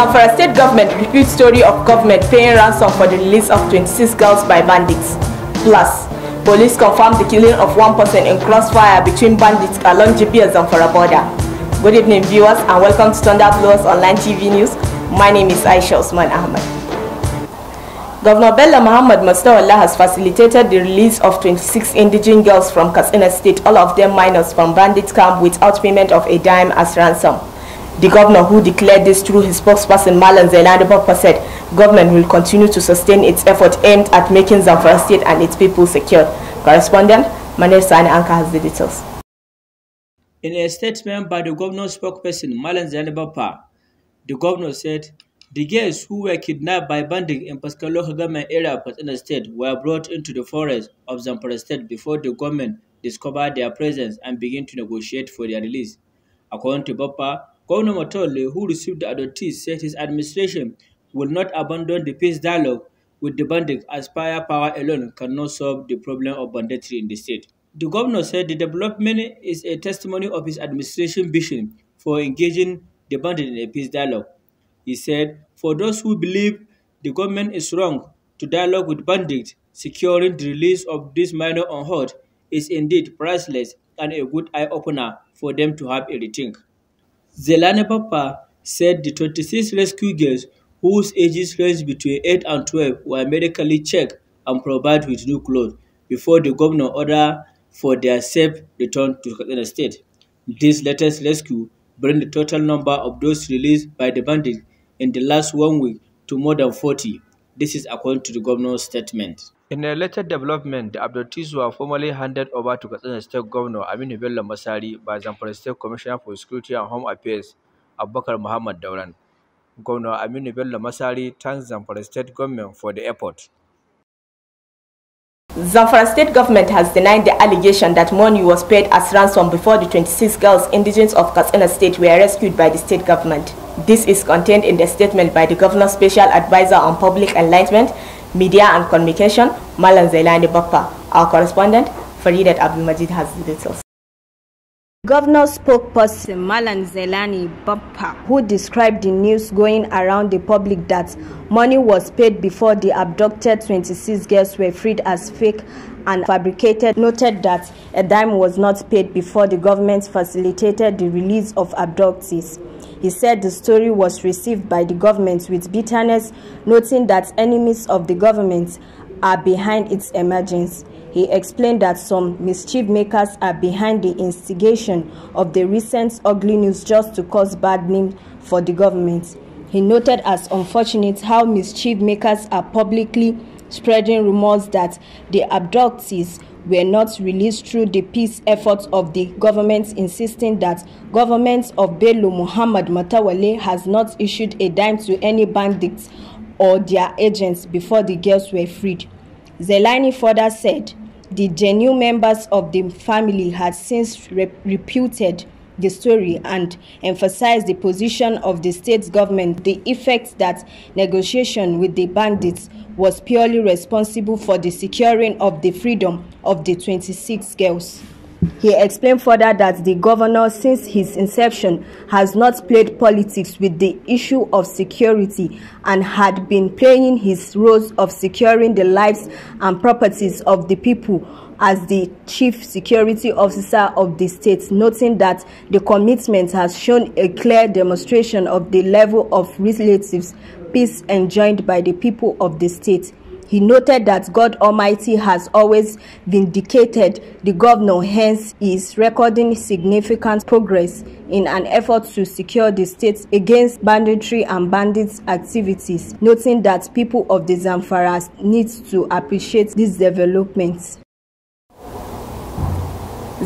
Zamfara state government repeats story of government paying ransom for the release of 26 girls by bandits. Plus, police confirmed the killing of one person in crossfire between bandits along Jibi Zamfara border. Good evening viewers and welcome to Blowers Online TV News. My name is Aisha Osman Ahmed. Governor Bella Muhammad Mustawallah has facilitated the release of 26 indigenous girls from Katsina State, all of them minors from bandit camp without payment of a dime as ransom. The governor, who declared this through his spokesperson Malan Zelandabapa, said government will continue to sustain its effort aimed at making Zamfara State and its people secure. Correspondent Manesh Sani Anka has the details. In a statement by the governor's spokesperson Malan Zelandabapa, the governor said the girls who were kidnapped by bandits in Pascal government area of State were brought into the forest of Zamfara State before the government discovered their presence and began to negotiate for their release. According to Bapa, Governor Mutale, who received the adoptees, said his administration will not abandon the peace dialogue with the bandits as firepower alone cannot solve the problem of banditry in the state. The governor said the development is a testimony of his administration vision for engaging the bandits in a peace dialogue. He said, for those who believe the government is wrong to dialogue with bandits, securing the release of this minor hold is indeed priceless and a good eye-opener for them to have a rethink. Zelani Papa said the 26 rescue girls, whose ages range between 8 and 12, were medically checked and provided with new clothes before the governor ordered for their safe return to Katsina State. This latest rescue brings the total number of those released by the bandits in the last one week to more than 40. This is according to the governor's statement. In a later development, the abductees were formally handed over to Katsina State Governor Aminu Bello Masari by Zamfara State Commissioner for Security and Home Affairs, Abubakar Muhammad Dauran. Governor Aminu Bello Masari thanks Zamfara State Government for the effort. Zamfara state government has denied the allegation that money was paid as ransom before the 26 girls indigents of Katsina state were rescued by the state government. This is contained in the statement by the governor's special advisor on public enlightenment, media and communication, Malan Zailani Bakpa. Our correspondent, Faridat Abdul Majid has the details. Governor spokesperson Malan Zelani Bappa, who described the news going around the public that money was paid before the abducted 26 girls were freed as fake and fabricated, noted that a dime was not paid before the government facilitated the release of abductees. He said the story was received by the government with bitterness, noting that enemies of the government are behind its emergence. He explained that some mischief makers are behind the instigation of the recent ugly news just to cause bad name for the government. He noted as unfortunate how mischief makers are publicly spreading rumors that the abductees were not released through the peace efforts of the government insisting that government of Bello Muhammad Matawale has not issued a dime to any bandits or their agents before the girls were freed. Zelani further said the genuine members of the family had since re- reputed the story and emphasized the position of the state government, the effect that negotiation with the bandits was purely responsible for the securing of the freedom of the 26 girls. He explained further that the governor, since his inception, has not played politics with the issue of security and had been playing his roles of securing the lives and properties of the people as the chief security officer of the state, noting that the commitment has shown a clear demonstration of the level of relative peace enjoyed by the people of the state. He noted that God Almighty has always vindicated the governor, hence is recording significant progress in an effort to secure the state against banditry and bandits activities, noting that people of the Zamfara need to appreciate these developments.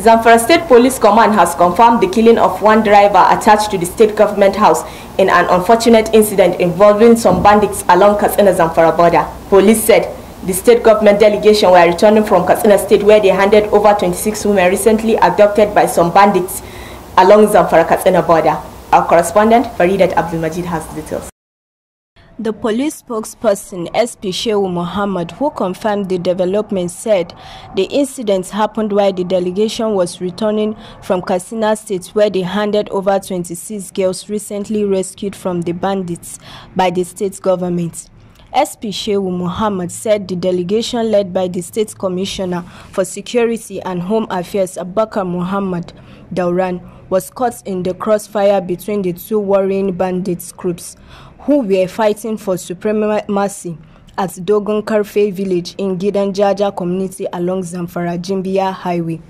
Zamfara State Police Command has confirmed the killing of one driver attached to the state government house in an unfortunate incident involving some bandits along Katsina Zamfara border. Police said the state government delegation were returning from Katsina State where they handed over 26 women recently abducted by some bandits along Zamfara Katsina border. Our correspondent Abdul Abdulmajid has details. The police spokesperson SP Shehu Mohammed, who confirmed the development, said the incidents happened while the delegation was returning from Katsina State, where they handed over 26 girls recently rescued from the bandits by the state government. SP Shehu Mohammed said the delegation led by the State Commissioner for Security and Home Affairs, Abaka Mohammed Dauran, was caught in the crossfire between the two warring bandits groups who were fighting for supremacy at Dogon Karfe village in Gidan Jaja community along Zamfara Jimbiya Highway.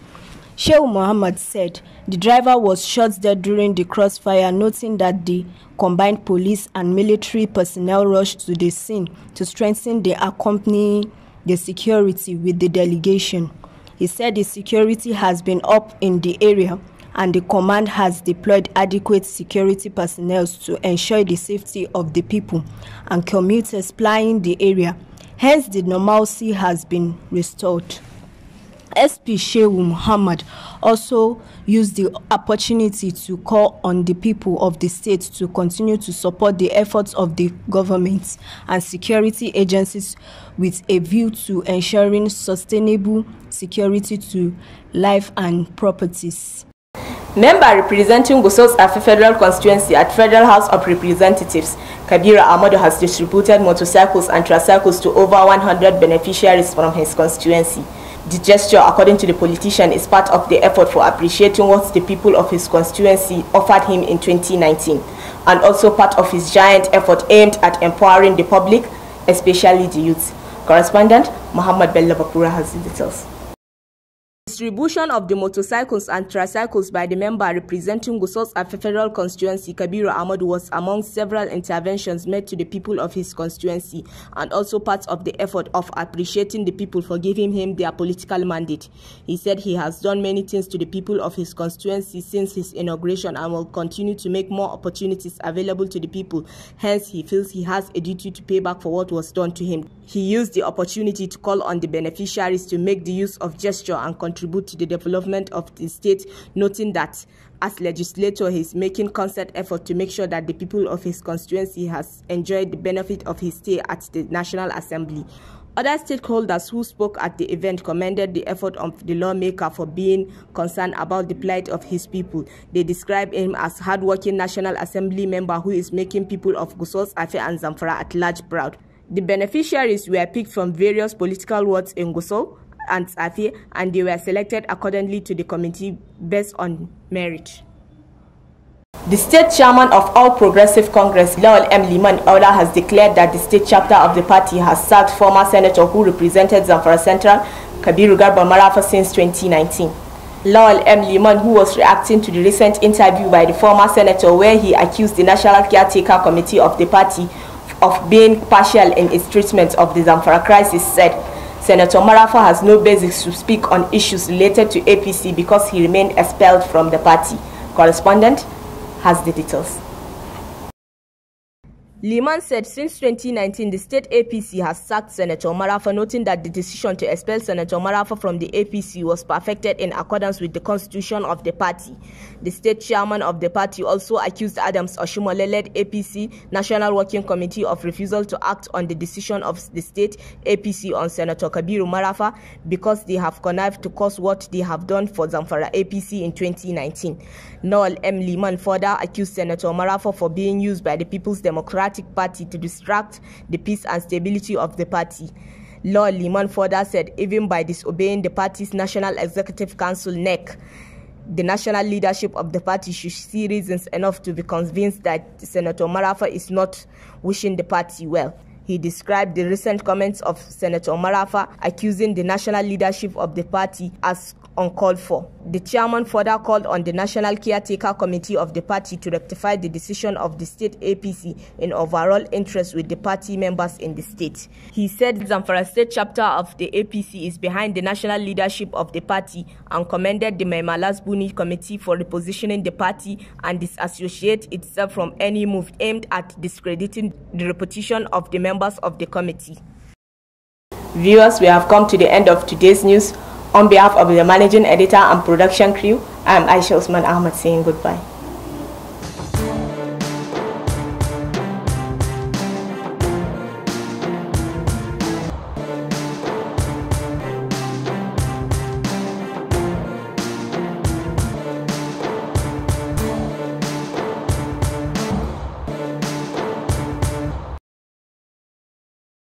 Sheikh Mohammed said the driver was shot dead during the crossfire, noting that the combined police and military personnel rushed to the scene to strengthen the accompanying the security with the delegation. He said the security has been up in the area and the command has deployed adequate security personnel to ensure the safety of the people and commuters plying the area. Hence, the normalcy has been restored. SP Shehu Muhammad also used the opportunity to call on the people of the state to continue to support the efforts of the government and security agencies with a view to ensuring sustainable security to life and properties. Member representing Gusau's Afe Federal Constituency at Federal House of Representatives, Kabira Amado has distributed motorcycles and tricycles to over 100 beneficiaries from his constituency. The gesture, according to the politician, is part of the effort for appreciating what the people of his constituency offered him in 2019, and also part of his giant effort aimed at empowering the public, especially the youth. Correspondent Muhammad Bello Bakura has the details. Distribution of the motorcycles and tricycles by the member representing Gueus's federal constituency Kabiru Ahmad, was among several interventions made to the people of his constituency and also part of the effort of appreciating the people for giving him their political mandate. He said he has done many things to the people of his constituency since his inauguration and will continue to make more opportunities available to the people. Hence, he feels he has a duty to pay back for what was done to him. He used the opportunity to call on the beneficiaries to make the use of gesture and continue contribute to the development of the state, noting that as legislator, he is making constant effort to make sure that the people of his constituency has enjoyed the benefit of his stay at the National Assembly. Other stakeholders who spoke at the event commended the effort of the lawmaker for being concerned about the plight of his people. They described him as hardworking National Assembly member who is making people of Gusos, Afe and Zamfara at large proud. The beneficiaries were picked from various political wards in Gusau, and Safi, and they were selected accordingly to the committee based on merit. The state chairman of All Progressive Congress, Lawal M. Liman Ola, has declared that the state chapter of the party has sacked former senator who represented Zamfara Central, Kabiru Garba Marafa, since 2019. Lawal M. Liman, who was reacting to the recent interview by the former senator where he accused the National Caretaker Committee of the party of being partial in its treatment of the Zamfara crisis, said, Senator Marafa has no basis to speak on issues related to APC because he remained expelled from the party. Correspondent has the details. Liman said since 2019, the state APC has sacked Senator Marafa, noting that the decision to expel Senator Marafa from the APC was perfected in accordance with the constitution of the party. The state chairman of the party also accused Adams Oshimole-led APC National Working Committee of refusal to act on the decision of the state APC on Senator Kabiru Marafa because they have connived to cause what they have done for Zamfara APC in 2019. Noel M. Liman further accused Senator Marafa for being used by the People's Democratic Democratic Party to distract the peace and stability of the party. Lord Liman further said even by disobeying the party's National Executive Council NEC, the national leadership of the party should see reasons enough to be convinced that Senator Marafa is not wishing the party well. He described the recent comments of Senator Marafa accusing the national leadership of the party as uncalled for. The chairman further called on the National Caretaker Committee of the party to rectify the decision of the state APC in overall interest with the party members in the state. He said Zamfara State chapter of the APC is behind the national leadership of the party and commended the Maimalas Buni Committee for repositioning the party and disassociate itself from any move aimed at discrediting the reputation of the members members of the committee. Viewers, we have come to the end of today's news. On behalf of the managing editor and production crew, I am Aisha Ahmed Ahmad saying goodbye.